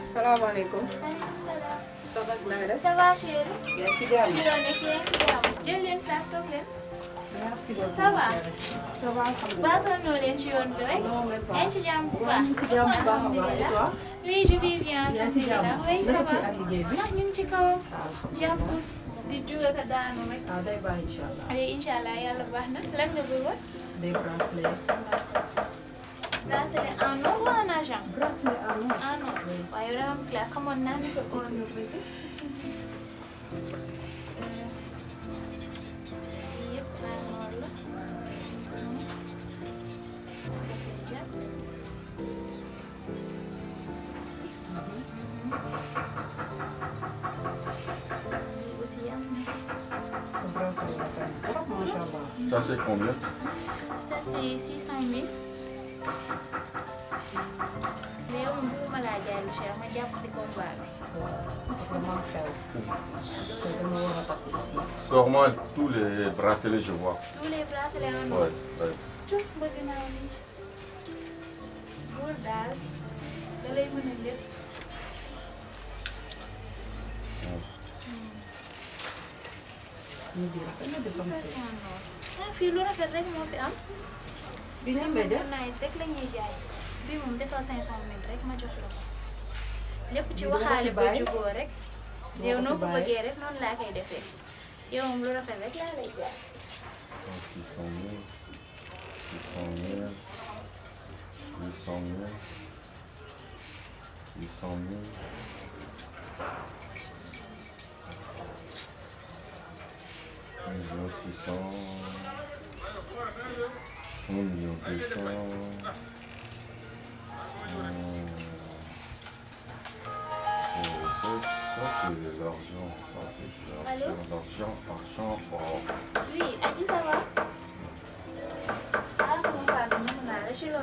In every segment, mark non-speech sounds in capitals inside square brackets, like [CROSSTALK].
salaamaaleykum. soxna si na nga def. ça va chérie. yaa ngi ci jàmm. jël leen place toog leen. merci beaucoup. ça va. ça va alhamdulilah. baasonnoo leen ci yoon bi rek. yaa ngi ci jàmm bu baax. alhamdulilah. oui je vais bien. yaa ngi ci jàmm oui ça va. ndax ñu ngi ci kawam. jàpp di jóge ka daanu rek. waaw day baax incha allah. allez incha allah yàlla baax na lan nga bëggoon. day bracelet. bracelet en or ou en argent. bracelet en or. היום קלאס חמונן או נורבגי. Ça c'est combien Ça c'est 600 000. Seydou Cheikh ma jàpp si combat bi. parce que man xew. te dama war a takk aussi. sors-moi tous les bracelets je vois. tous les bracelets en or. oui oui. bëgg naa lii. góor daal da lay mën a lépp. ñu jël dina desoon seen. fii lu rafet rek moo fi am. bi ñu mbéy de bi ñu mbéy de naay rek la ñuy jaay. bii moom defal 5000 rek ma jox la ko. lépp ci waxaale ba juboo rek yow noo ko bëggee rek noonu laa koy defee yow moom lu rafet rek laa lay jaay. 600 000 600 000 800 000 800 000 1 million 600 1 million 200 C'est l'argent, ça c'est l'argent, l'argent, l'argent, oh. Oui, à qui ça va Ah, c'est mon famille, a lâché loin.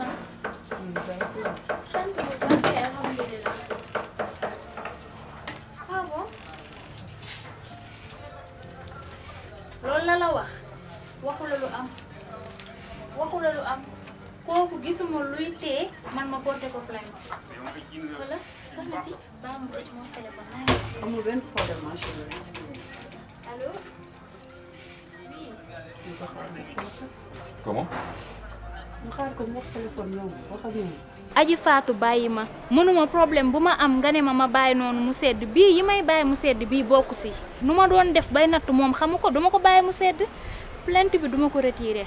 gisuma luy téye ko plainte ko ci moom aji faatu bàyyi ma mënuma problème bu ma am nga ne ma ma bàyyi noonu mu sedd bii yi may bàyyi mu sedd bii bokk si nu ma doon def bay natt moom xamu ko duma ko bàyyi mu sedd plainte bi duma ko retiré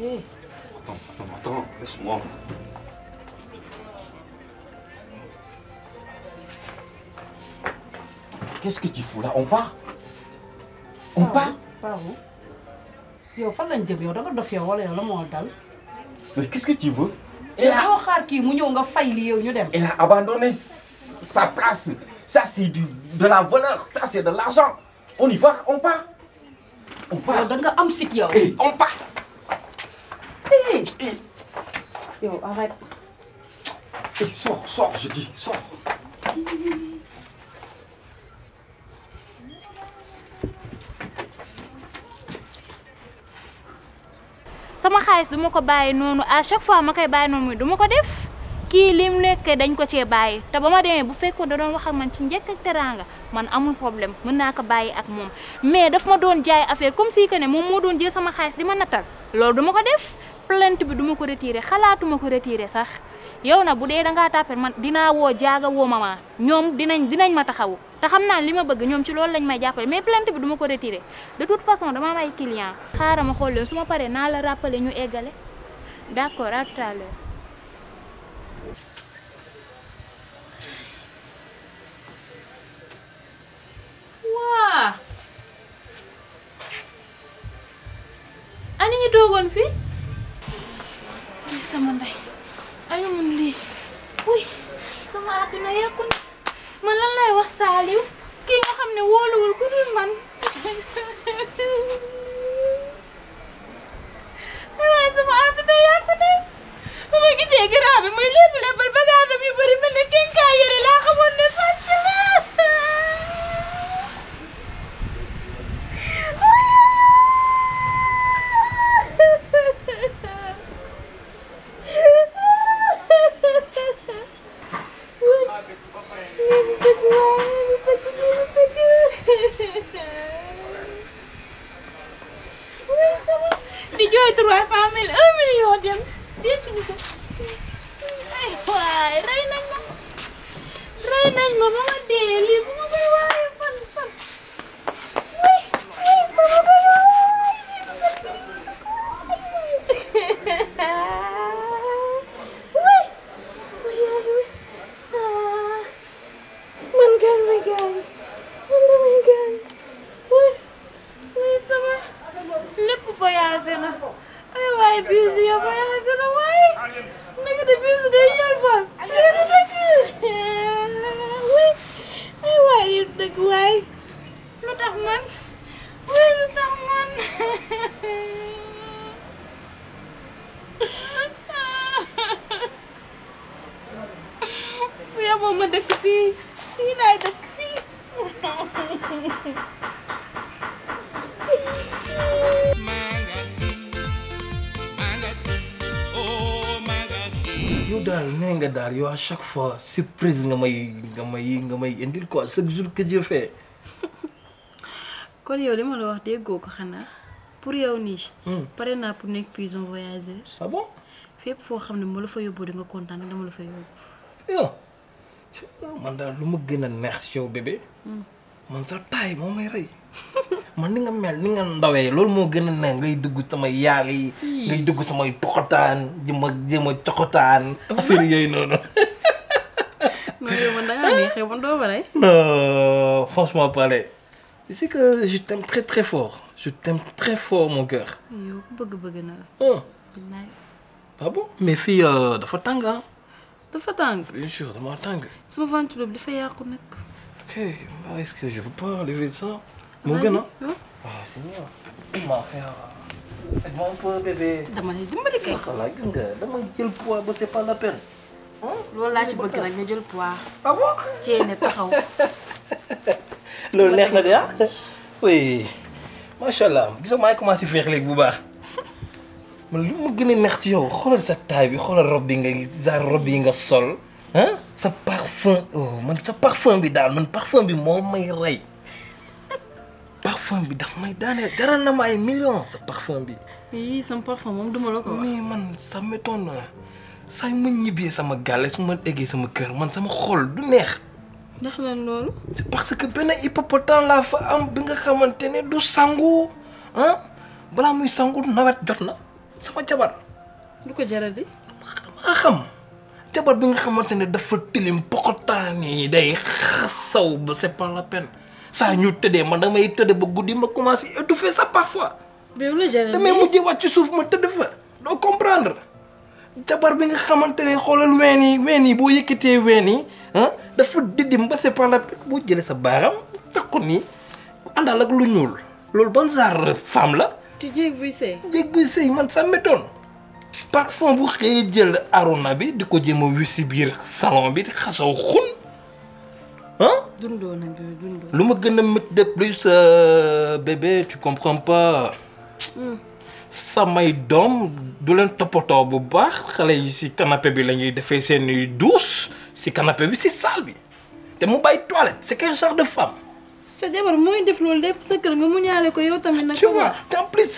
Hum. Attends, attends, attends, laisse-moi. Qu'est-ce que tu fous là On part On part Par où yow fan lañ jëm yow da nga dof yow wala yow la moo dal. mais qu'est-ce que tu veux. elle a yow xaar kii mu ñëw nga fay li yow ñu dem. elle a abandonné sa place ça c'est du de la valeur ça c'est de l'argent on y va on part. on part da nga am fit yow. Eh, on part. Yo, arrête. Hey, sors, sama xaalis du ma ko bàyyi noonu à chaque fois ma koy bàyyi noonu du ma ko def kii lim nekkee dañ ko cee bàyyi te ba ma demee bu fekkoon da doon wax ak man ci njëkk ak teraanga man amul problème mën naa ko bàyyi ak moom mais daf ma doon jaay affaire comme si que ne moom moo doon jël sama xaalis di ma nattal loolu du ko def. plainte bi duma ko retiré xalaatuma ko retiré sax yow na bu dee da ngaa man dinaa woo jaaga woo mama ñoom dinañ dinañ ma taxawu te xam naa li ma bëgg ñoom ci loolu lañ may jàppale mais plainte bi duma ma ko retiré de toute façon dama am ay client xaaral ma xool leen su paree naa la rappeler ñu eggale d'accord à tout à l'heure waa ani ñu toogoon fii ay sama ndey ay mun lii uy sama àdduna yàqu na man lan lay wax Saliou kii nga xam ne wóoluwul ku dul man waaye sama àdduna yàqu na bu ma gisee grand bi muy lépp léppal bagage am yu bëri mel ne kenn kaa yëre laa xamoon ne sàcc la yaase na ay waaye biisu yow ba yaase na waaye naka de biisu day yal fa lii du dëgg ay waaye lii du dëgg waaye lu tax man waaye lu tax man bu yaboo ma dëkk fii fii laay dëkk fii yow daal nee nga daal yow à chaque fois surprise nga may nga may nga may indil quoi chaque jour que Dieu fait. [LAUGHS] kon yow li ma la wax déggoo ko xanaa pour yow nii. Hmm. pare naa pour nekk prison voyageur. ah bon. foo xam ne ma la fa yóbbu danga nga kontaan dama la fa yóbbu. man daal lu ma gën a neex ci yow bébé. Hmm. man sa taay moo may rey. [LAUGHS] ma ni nga mel ni nga ndawee loolu moo gën a ne ngay dugg samay yaal yi. ngay dugg samay poxotaan jëm a jëm a coxotaan. affaire yooyu noonu. [LAUGHS] non yow man da ngaa neexee man doo bare. non franchement parler c'est que je t'aime très très fort je t'aime très fort mon cœur. yow ku bëgg-bëgg na la. Oh. ah bon mais euh, dafa tàng ah. dafa tàng. bien sûr dama tàng. sama ventre dafa yàqu ok est-ce que je peux pas enlever ça. moo gën a waaw dama jël poids ba c'est loolu laa ci bëgg nag jël poids ah bon ceene neex na de ah oui [LAUGHS] macha allah gis nga maa ngi commencé feex léegi bu baax man li ma gën a neex ci yow xoolal sa taay bi xoolal rob bi nga genre rob yi nga sol ah sa parfum oh sa parfum bi daal man parfum bi moo may rey parfum bi daf may daaneel jaral na ma ay million sa parfum bi. yii moom duma la man ça m'étonne saa ma ñibbee sama gàlle su ma eggee sama kër man sama xol du neex. ndax lan loolu. c'est parce que benn hippopotame laa fa am bi nga xamante ne du sangu balaa muy sangu nawet jot na sama jabar. lu ko jaral di. maa xam. jabar bi nga xamante ne dafa tilim pokotaan yi day xasaw ba c'est pas la peine. saa ñu tëddee man damay tëdd ba guddi ma commencé étouffer ça parfois. mais wula jërëjëf damay mujjee wàcc suuf ma tëdd fa. doo comprendre jabar bi nga xamante ne xoolal ween yi ween yi boo yëkkatee ween yi ah dafa didim ba c'est pas boo jëlee sa baaram takku nii àndal ak lu ñuul loolu ba genre femme la. ci jéeg buy sëy. jéeg buy sëy man ça m'étonne parfum bu xëyee jël arona bi di ko jéem a wisi biir salon bi xasaw xun. ah dundoo na lu ma gën a métti de plus euh, bébé tu comprends pas. Hmm. samay doom du leen toppatoo bu baax xale yi si canapé bi la ñuy defee seeni douche si canapé bi si salle bi te mu bàyyi toilette c'est quel genre de femme. sa jabar mooy def loolu lépp sa kër nga mu ñaale ko yow tamit. nag tu vois te en plus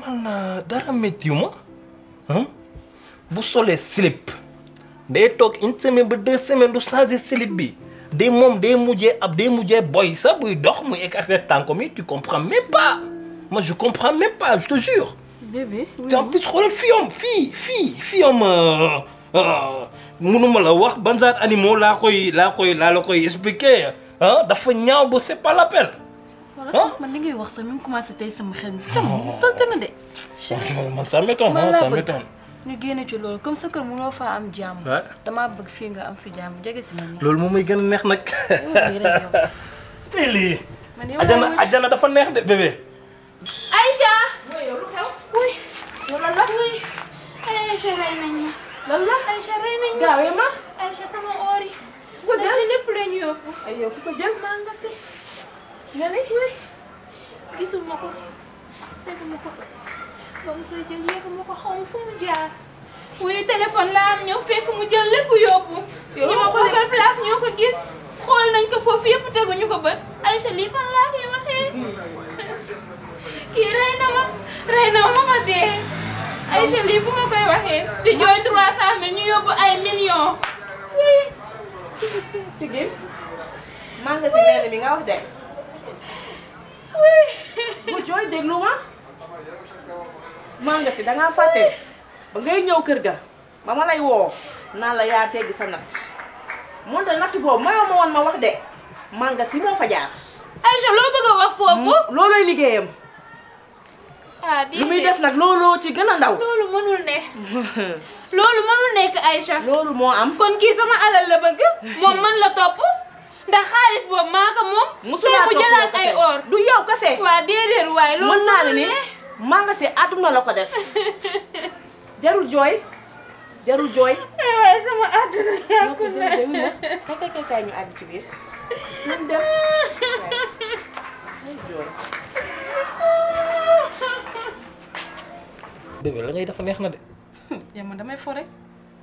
man euh, dara métti ma ah bu solee slip day toog une semaine ba deux semaine du changer slip bi. day moom day mujjee ab day mujjee boy sax buy dox mu écarter tànkoom yi tu comprends même ma moi je comprends même pas je te jure. bébé en plus xoolal fii am fii fii fii am euh, euh, mënuma la wax ban genre animaux laa koy laa koy laa la koy expliquer ah dafa ñaaw ba c'est pas la peine. ah man li ngay wax sax mi ngi commencé tey sama xel mi. xam nga sant de. man ça m'étonne ça ñu génne ci loolu comme sa kër mënoo faa am jàmm. waaw damaa bëgg fii nga am fi jàmm jege si ma nii. loolu moom mooy gën a neex nag. [LAUGHS] ajana dafa neex de bébé. Aïcha. mooy sama oor ku ko jël maa nga si. nga ne. wuy gisuma ko. ba mu koy jël yëguma ko xaw ma fu mu jaar wuyu téléphone laa am ñëw fekk mu jël lépp yóbbu. ñu ma xoolal place ñoo ko gis xool nañ ko foofu yëpp teguñu ko bët Aïcha lii fan laa koy waxee [LAUGHS] kii rey na ma rey na ma ma dee Aïcha lii fu ma koy waxee. di jooy 300000 ñu yóbbu ay millions. oui. [LAUGHS] Sigil maa nga si lenn mi nga wax de. oui. bu [LAUGHS] jooy déglu ma. maa nga si dangaa fàtte ba ngay ñëw kër ga ba ma lay woo naa la yaa teggi sa natt moonte natt boobu maa ma wax de maa si moo fa jaar. loo bëgg a wax foofu. Hmm? loolooy liggéeyam. ah lu muy def nag looloo ci gën a ndaw. loolu mënul ne. [LAUGHS] loolu mënul nekk Aïcha. loolu moo am. kon kii sama alal la bëgg. moom man la topp. ndax xaalis boobu maa moom. musu bu jëlaat ay or. du yow waa déedéet waaye loolu mën naa ne manga si àdduna la ko def jarul jooy jarul jooy. waaye eh, sama àdduna yàqu na kay kay kay ñu àdd ci biir. nañ dem la ngay dafa neex na de. Hmm, yaa ma damay fo rek.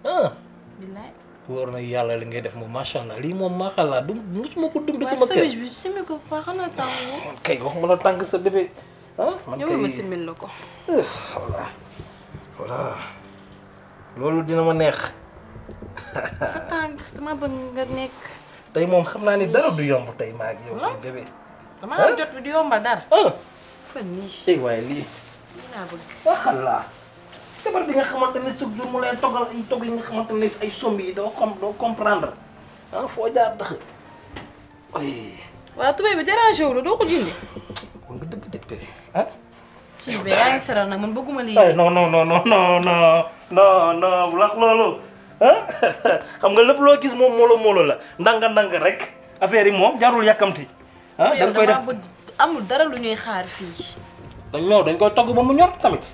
ah. billaay. wóor na yàlla li ngay def moom macha allah lii moom macha allah du mosuma ko dund sama kër. waaw sëñ bi sëñ bi ko baax na kay wax ma la tàng sa bébé. ah man kay ñëwal ma simil la ko. voilà voilà loolu dina ma neex. fa tàng dama bëgg nga nekk. tey moom xam naa ni dara du yomb tey maa ngi yow. kay bébé dama am jot bi du yombal dara. fa nii. tey waaye lii. dinaa bëgg. waxala. jabar bi nga xamante ne chaque jour mu lay toggal ay togg yi nga xamante ne ay sombi yi doo xam doo comprendre ah foo jaar dëx. waaw tubéy bi dérangé wu la doo ko jëndee. kon nga dëgg dëppee. ah. sëñ bi yaa ngi seral nag man bëgguma lii. non non non non non non non bu lax loolu ah [LAUGHS] xam nga lépp loo gis moom moolo moolo la ndanga ndanga rek affaire yi moom jarul yàkkamti. ah da nga koy def amul dara lu ñuy xaar fii. dañ ñëw dañ koy togg ba mu ñor tamit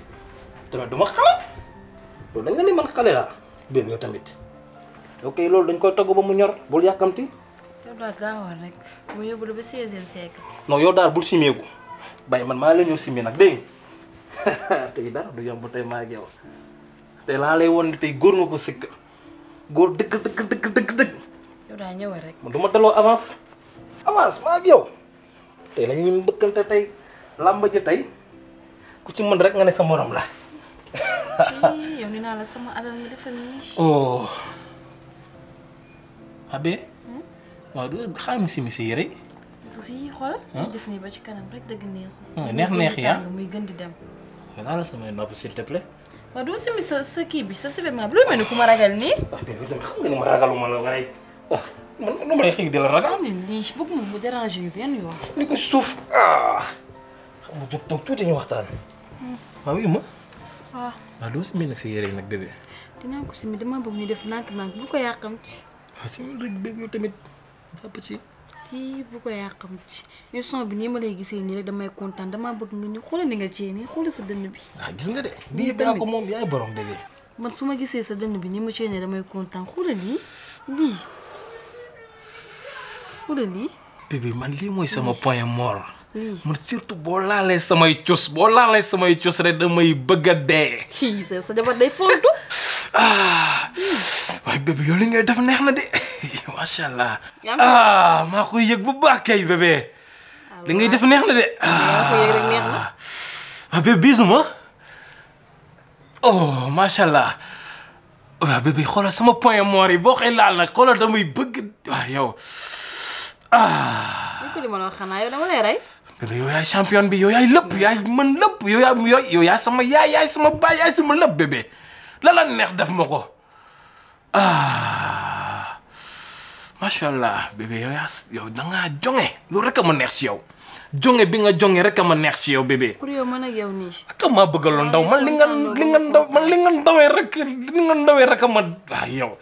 tamit du ma xale loolu dañ nga ni man xale laa bébé yow tamit ok loolu dañ koy togg ba mu ñor bul yàkkamti. yow daal gaawal rek mu yóbbu la ba 16e siècle. non yow daal bul simeeku. bay man maa la ñëw simmi nag dégg tey dara du yomb tey maa tey laa lay woon ni tey góor nga ko sikk góor dëgg dëgg dëgg dëgg dëgg. ñëw rek. du ma daloo avance avance maa ak yow tey la ñuy mbëkkante tey làmba ji tey ku ci mën rek nga ne sama morom la. yow naa la sama alal nga defal nii. abe. waaw du xaaral ma simi tuuti yi xool. ñu def nii ba ci kanam rek dëgg neexu. Ah, neex neex yi ah muy gën di dem. xanaa doo simi sa sa kii bi sa survêtement bi loo mel ni ku ah, nga ma ragaluma ah, di la ragal. xam nga lii bëgguma mu déranger ñu benn yoon. ni ko suuf ah xam nga jóg toog tuuti ñu waxtaan. Hmm. waaw yu ma. waaw waaw doo simi nag sa yére yi nag bébé. dinaa ko simi dama bëgg ñu def nànk-nànk bu ko yàqamti. waaw simi rek bébé tamit jàpp ci. yii bu ko yàqam ci émission bi nii ma lay gisee nii damay kontaan damaa bëgg ñu xoolal ni nga cee nii xoolal sa dënn bi. ah gis nga de. nii daa ko moom yaay borom bébé. man su ma gisee sa dënn bi nii ma cee nii damay kontaan xoolal nii lii xoolal lii. bi man lii mooy sama point mort. man surtout boo laalee samay cos boo laalee samay cos rek damay bëgg a dee. ci sa jabar day fontu. [LAUGHS] ah waaye bébé yow li ngay def neex na de [LAUGHS] macha allah. ah maa koy yëg bu baax bébé. Ah, li ngay def neex na de. ah waaw ah, bébé bisu ma oh macha allah waaw ah, bébé xoolal sama point mort yi boo xëy laal nag xoolal damay bëgg waaw yow ah. bébé yow yaay champion bi yow yaay lépp yaay mën lépp yow yaay sama yaay yaay sama baay yaay sama lépp bébé. la neex def ma ko ah macha allah bébé yow yaa yow da ngaa jonge loolu rek ma neex ci yow jonge bi nga jonge rek a ma neex ci yow bébé. pour yow man ak yow nii. ak maa bëggaloon ndaw man li nga li nga man li nga ndawee rek li ndawee rek a ma ah yow.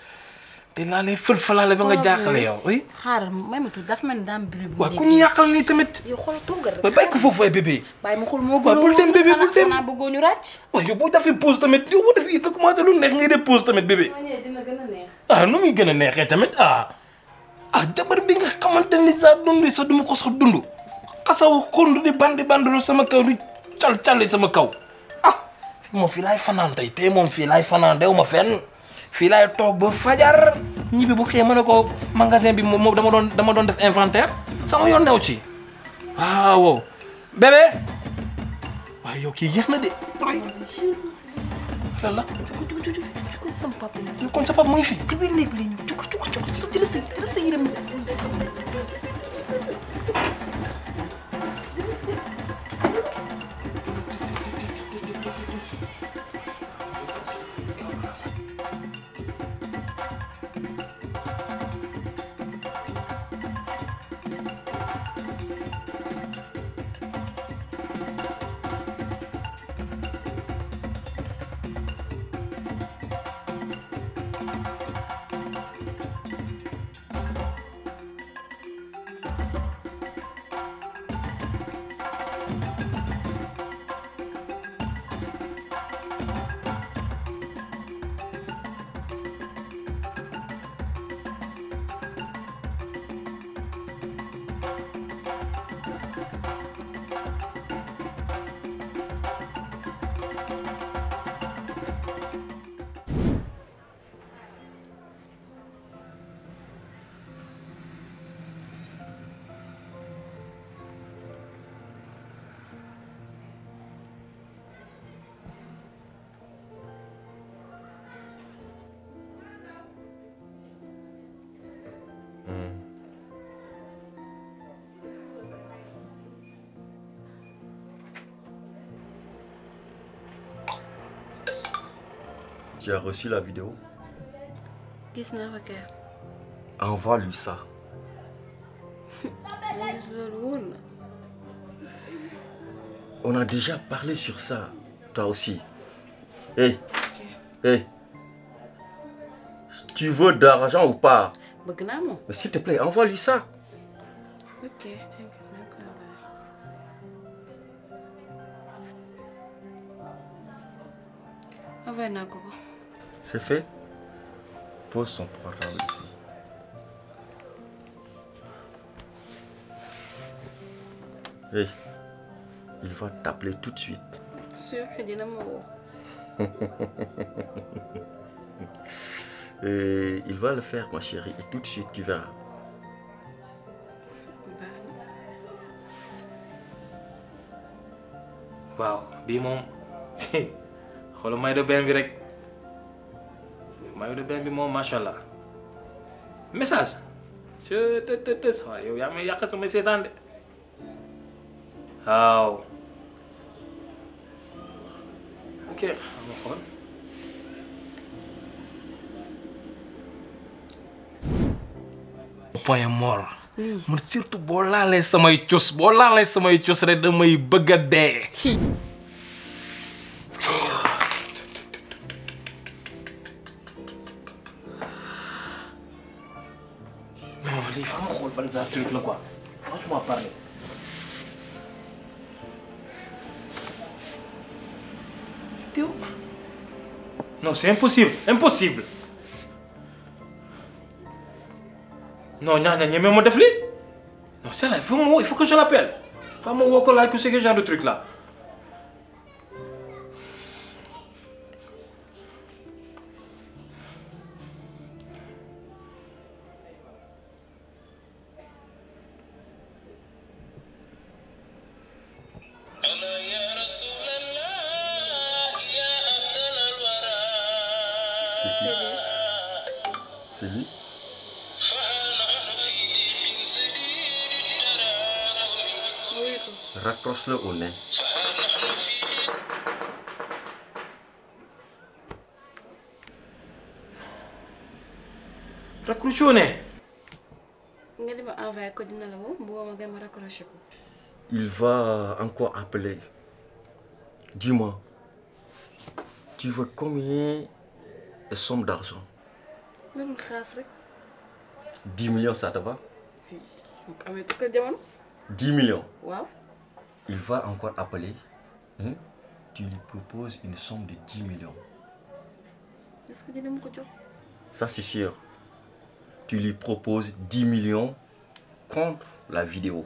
te laa lay fël-fëlaale ba nga jaaxle yow. oui xaaral may ma tuuti daan bëri bu ñu yàqal nii tamit. yow xool toogal rek bàyyi ko foofu ay bébé. bàyyi a bul dem bébé bul dem xanaa bëggoo ñu ràcc. yow boo defee pause tamit yow boo defee nga commencé lu neex ngay def pause tamit bébé. dina gën a neex. Ah, nu muy gën a neexee tamit a ah, ah jabar bi nga xamante ni saa dund sa duma ko sax dund xasaw xond di bandi bandilu sama kaw di cal cali sama kaw a ah, moom fii laay fanaan tey tey moom fii laay fanaan dew ma fen fii laay toog ba fajar ñibbi bu xëyee ma ne ko magasin bi moom dama doon dama doon def inventaire sama yoon new ci waaw bébé waaye yow kii jeex na de. lan kon yow kon sa papa mu ngi fi. Tu as reçu la vidéo gis lui ça. [LAUGHS] na. on a déjà parlé sur ça toi aussi. hey eh, eh. tu veux de ou pas. bëgg naa moom. mais s'il te plaît envoie-lui ça. C'est fait. Pose son portable ici. Hey, il va t'appeler tout de suite. Sûr que Dinamo. [LAUGHS] Et eh, il va le faire, ma chérie. Et tout de suite, tu verras. moom [LAUGHS] xoolal may rek maillot de bain bi moom macha allah message je të të të waaye yow yaa may yàqal samay de waaw ok xam nga xool point mort man surtout boo laalee samay cus boo laalee samay cus rek damay bëgg a dee genre la quoi non c'est impossible impossible. non ñaax na ñeme ma def lii non c'est là il faut que je l'appelle il faut que ma woo ko laaj ko de truc là. يسمعون raccroché ne. nga dem envoyé ko dina la woo bu ma gën ma raccroché il va encore appeler dis-moi tu veux combien somme d'argent. loolu xaas rek. dix millions ça te va. oui ko jamono. dix millions waaw. il va encore appeler, hein, tu lui proposes une somme de 10 millions. Est-ce que dina ma ko jox Ça c'est sûr. Tu lui proposes 10 millions contre la vidéo.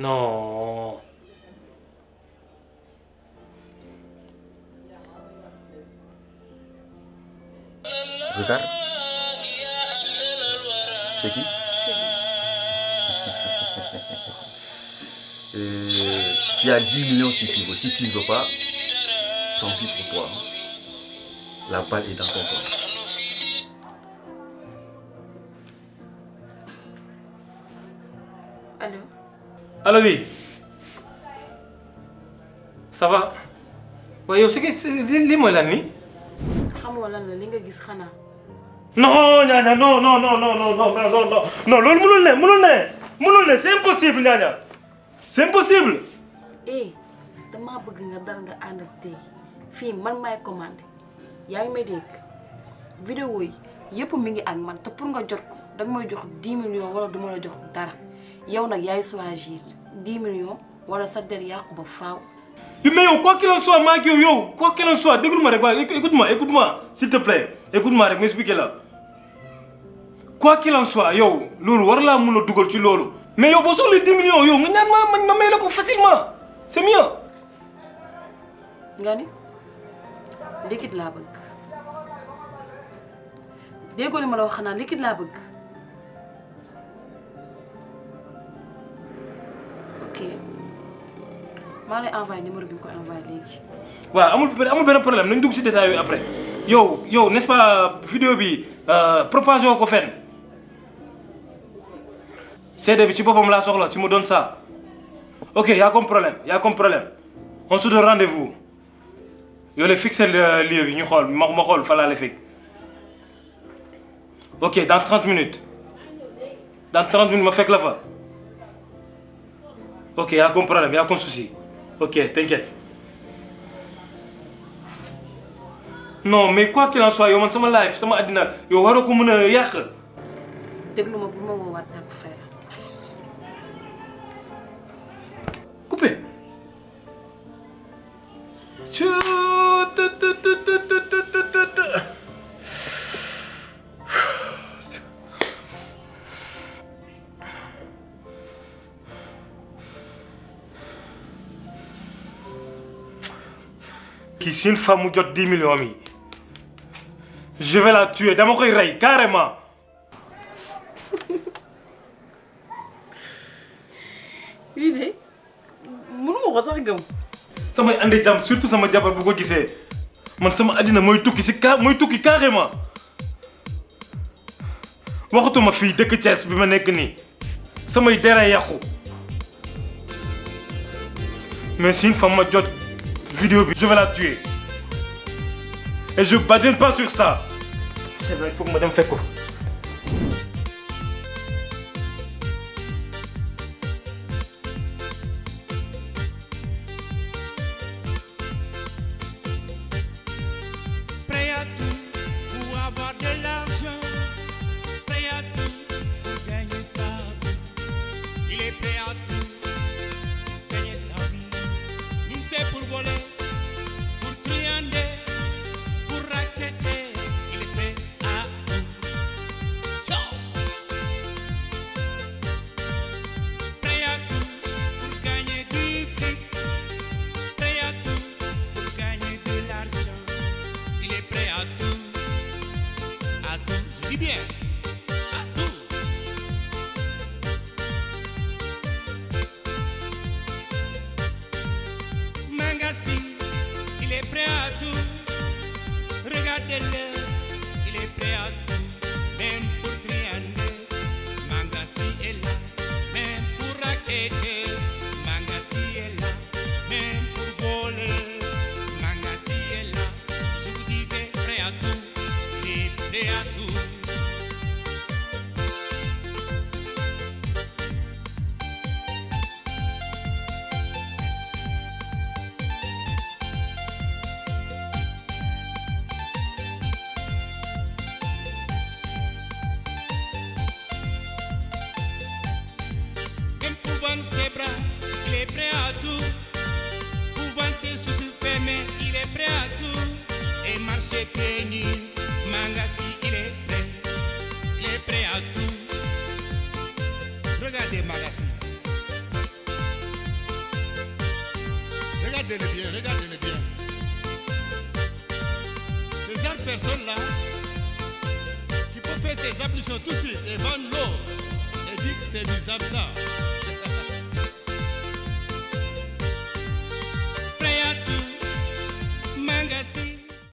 Non. Regarde. C'est qui Et il y a 10 millions si tu veux. Si tu ne veux pas, tant pis pour toi. La balle est dans ton corps. Allô Allô, oui Ça va waaye yow si lii mooy lan nii. xamoo lan la li nga gis xanaa. non Niania non non non non non non non loolu mënul ne mënul ne mënul ne c'est impossible Niania. c'est impossible. eh damaa bëgg nga dal nga ànd ak fii man maay commandé yaa ngi may dégg vidéo yi yëpp mi ngi ak man te pour nga jot ko danga may jox 10 millions wala du ma la jox dara yow nag yaay choisir di millions wala sa der yàqu ba faaw. mais yow quoi qu'il en soit maa ngi yow yow quoi qu'il en soit déglu ma rek waaye écoute ma écoute ma s'il te plaît écoute ma rek ma expliqué la soit yow loolu war laa mun a dugal ci loolu. mais yow boo soxlee 10 millions yow nga ñaan ma ma may la ko facilement c'est mieux. nga ni liquide laa bëgg déggoo li ma la wax xanaa liquide laa bëgg ok maa lay envoyé numéro bi nga ko envoyé léegi. waaw amul amul problème nañ dugg si détails yi après yow yow n'est-ce pas vidéo bi euh, propagé ko fenn. seede bi ci boppam laa soxla ci mu doon ça ok y' a comme problème y' a problème on se donne rendez-vous la fixé lieu bi ñu xool ma ma xool fa laa la fekk ok dans 30 minutes dans 30 minutes ma fekk la fa ok y' a problème y' a comme ok t'inquiète non mais quoi qu'il en soit yow man sama life sama àddina yow waroo ko mën a yàq. si une mu jot dix million mi je vais la dama koy rey carrément. [LAUGHS] lii de mënuma ko sax gëm. samay andi jàmm surtout sama jabar bu ko gisee man sama àddina mooy tukki si kaa mooy tukki carrément waxatuma fii dëkk Thiès bi ma nekk nii samay dere yàqu mais si une ma jot vidéo bi je vais la et je badine pas sur ça. c'est vrai il faut que madame fekk ko. pequeño, Mangassi, il est prêt, il à tout. Regardez Mangassi. Regardez-le bien, regardez-le bien. Ce genre de personne-là, qui peut faire ses ablutions tout de suite et et dit que c'est du